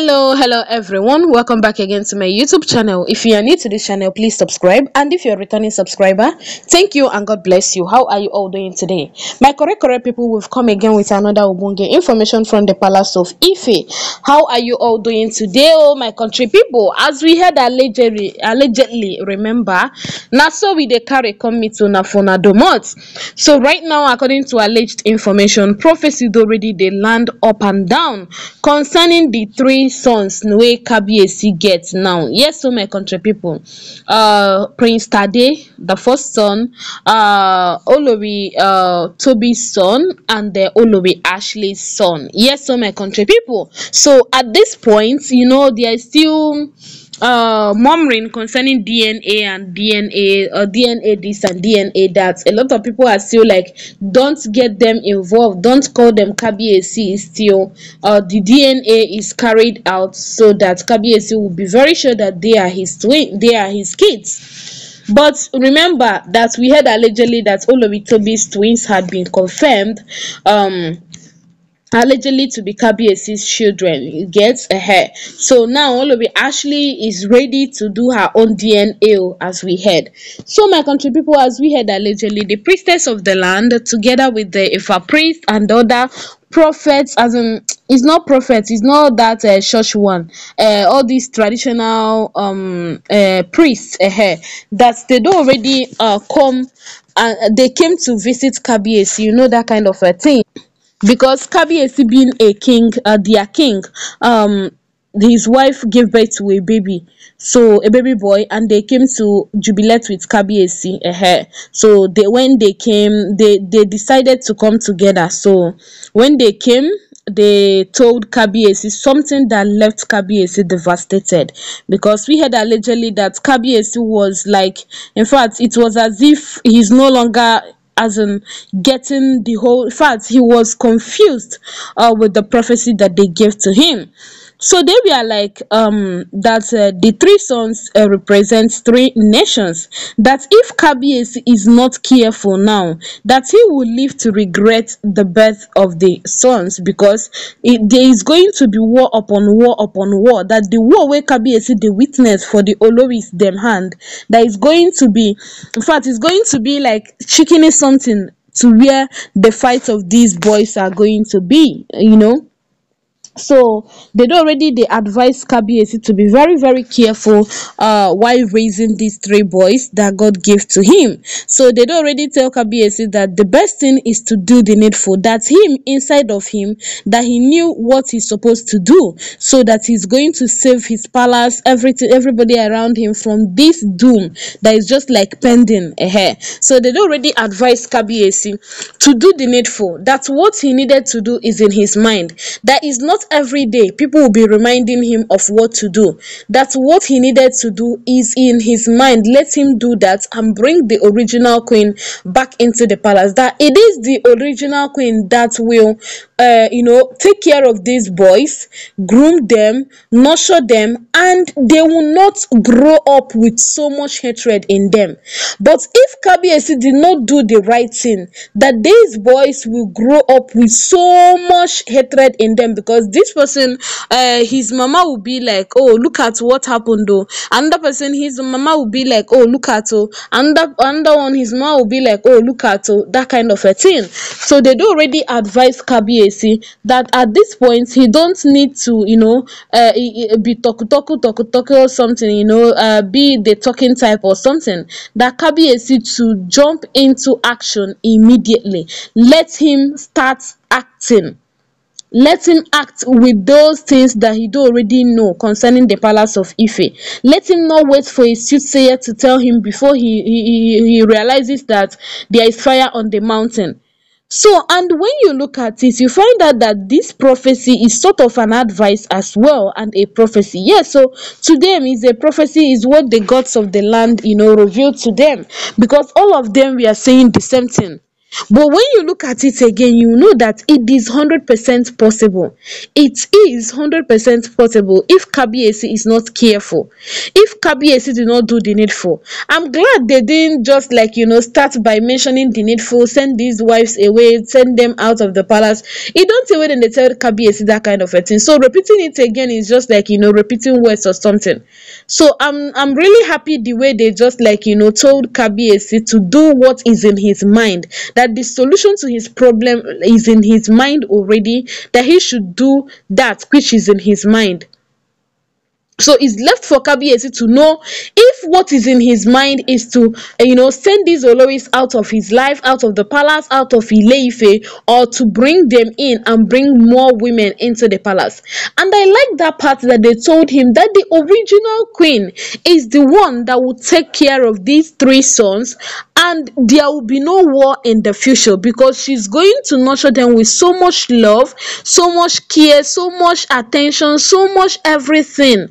hello hello everyone welcome back again to my youtube channel if you are new to this channel please subscribe and if you're a returning subscriber thank you and god bless you how are you all doing today my correct correct people we've come again with another ubunge information from the palace of ife how are you all doing today oh my country people as we heard allegedly allegedly remember now so we they carry come to nafona domot so right now according to alleged information prophecy already they land up and down concerning the three sons wey kabiyesi get now yes so my country people. Uh, prince tade the first son uh, olori uh, toby's son and the olori ashley's son yes so my country people. so at this point you know are still uh murmuring concerning dna and dna or uh, dna this and dna that a lot of people are still like don't get them involved don't call them kbac still uh the dna is carried out so that kbac will be very sure that they are his twin they are his kids but remember that we heard allegedly that all of Itobi's twins had been confirmed um allegedly to be Kabiesi's children. You get a hair. So now it, Ashley is ready to do her own DNA as we head. So my country people, as we head allegedly, the priestess of the land, together with the Ifa priest and other prophets, as in it's not prophets, it's not that uh, church one, uh, all these traditional um uh, priests uh, that they do already uh, come and they came to visit Kabiesi, you know that kind of a thing because Kabiyesi being a king, uh, their king, um, his wife gave birth to a baby, so a baby boy, and they came to jubilate with Ac Uh, so they when they came, they they decided to come together. So when they came, they told Ac something that left Ac devastated because we heard allegedly that Ac was like, in fact, it was as if he's no longer as in getting the whole fact he was confused uh, with the prophecy that they gave to him so they were like um, that uh, the three sons uh, represent three nations. That if Kabiesi is not careful now, that he will live to regret the birth of the sons because it, there is going to be war upon war upon war. That the war where Kabiesi the witness for the Oloris them hand, that is going to be, in fact, it's going to be like chicken is something to where the fight of these boys are going to be, you know so they do already they advise KBAC to be very very careful uh while raising these three boys that God gave to him. So they do already tell KBAC that the best thing is to do the needful. That him inside of him that he knew what he's supposed to do so that he's going to save his palace, everything everybody around him from this doom that is just like pending ahead. So they do already advise KBAC to do the needful. That what he needed to do is in his mind. That is not every day people will be reminding him of what to do that what he needed to do is in his mind let him do that and bring the original queen back into the palace that it is the original queen that will uh, you know take care of these boys groom them nurture them and they will not grow up with so much hatred in them but if kabiesi did not do the right thing that these boys will grow up with so much hatred in them because this person uh his mama will be like oh look at what happened though another person his mama will be like oh look at oh another another one his mama will be like oh look at oh that kind of a thing so they do already advise kabiesi that at this point he don't need to you know uh be talk talk talk talk or something you know uh be the talking type or something that kabiesi to jump into action immediately let him start acting let him act with those things that he do already know concerning the palace of Ife. Let him not wait for his soothsayer to tell him before he, he, he realizes that there is fire on the mountain. So, and when you look at it, you find out that this prophecy is sort of an advice as well and a prophecy. Yes, yeah, so to them is a prophecy is what the gods of the land, you know, revealed to them because all of them we are saying the same thing. But when you look at it again, you know that it is 100% possible. It is 100% possible if KBAC is not careful. If KBAC do not do the needful. I'm glad they didn't just like, you know, start by mentioning the needful, send these wives away, send them out of the palace. It don't say when they tell KBAC that kind of a thing. So repeating it again is just like, you know, repeating words or something. So I'm, I'm really happy the way they just like, you know, told KBAC to do what is in his mind that the solution to his problem is in his mind already, that he should do that which is in his mind. So it's left for Kabiesi to know if what is in his mind is to, you know, send these Oloris out of his life, out of the palace, out of Ileife, or to bring them in and bring more women into the palace. And I like that part that they told him that the original queen is the one that will take care of these three sons and there will be no war in the future because she's going to nurture them with so much love, so much care, so much attention, so much everything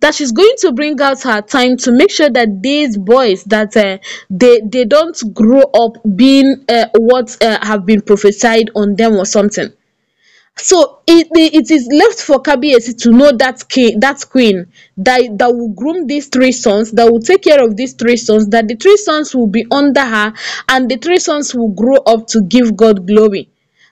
that she's going to bring out her time to make sure that these boys that uh, they they don't grow up being uh, what uh, have been prophesied on them or something so it, it is left for Kabiesi to know that king, that queen that, that will groom these three sons, that will take care of these three sons, that the three sons will be under her, and the three sons will grow up to give God glory.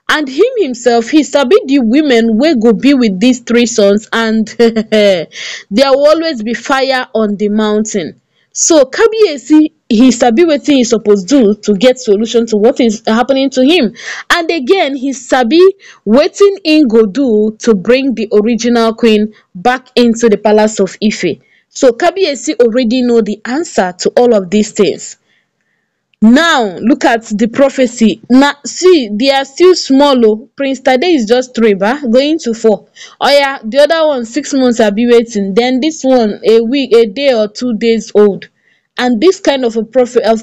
And him himself, he sabi the women will go be with these three sons, and there will always be fire on the mountain. So Kabiyesi, he sabi wetin he to do to get solution to what is happening to him. And again, he sabi waiting in Godu to bring the original queen back into the palace of Ife. So Kabiyesi already know the answer to all of these things now look at the prophecy now see they are still small oh prince tade is just three bah going to four oh yeah the other one six months i'll be waiting then this one a week a day or two days old and this kind of a of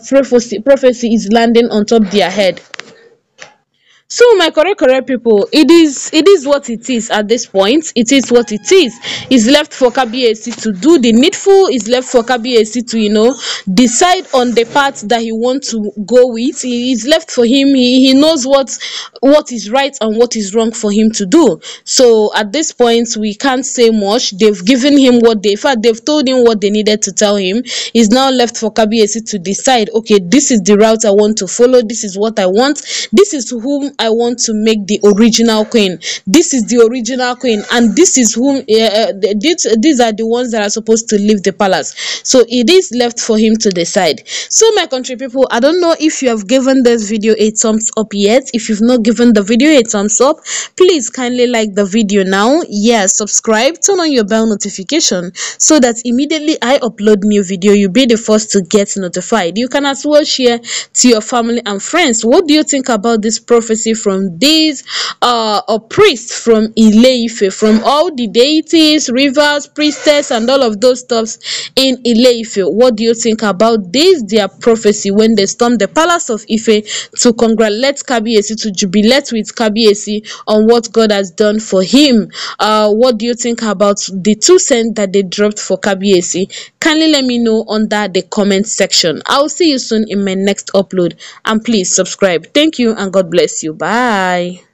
prophecy prophecy is landing on top their head so my correct correct people it is it is what it is at this point it is what it is it's left for kbac to do the needful Is left for kbac to you know decide on the path that he wants to go with it's left for him he, he knows what what is right and what is wrong for him to do so at this point we can't say much they've given him what they fact they've told him what they needed to tell him he's now left for kbac to decide okay this is the route i want to follow this is what i want this is whom i want to make the original queen this is the original queen and this is whom uh, these, these are the ones that are supposed to leave the palace so it is left for him to decide so my country people i don't know if you have given this video a thumbs up yet if you've not given the video a thumbs up please kindly like the video now yes yeah, subscribe turn on your bell notification so that immediately i upload new video you'll be the first to get notified you can as well share to your family and friends what do you think about this prophecy from these uh, priests from Ileife, from all the deities, rivers, priestess, and all of those stuffs in Ileife. What do you think about this, their prophecy, when they stormed the palace of Ife to congratulate Kabiesi, to jubilate with Kabiesi on what God has done for him? Uh, what do you think about the two cents that they dropped for Kabiesi? Kindly let me know under the comment section. I'll see you soon in my next upload and please subscribe. Thank you and God bless you. Bye.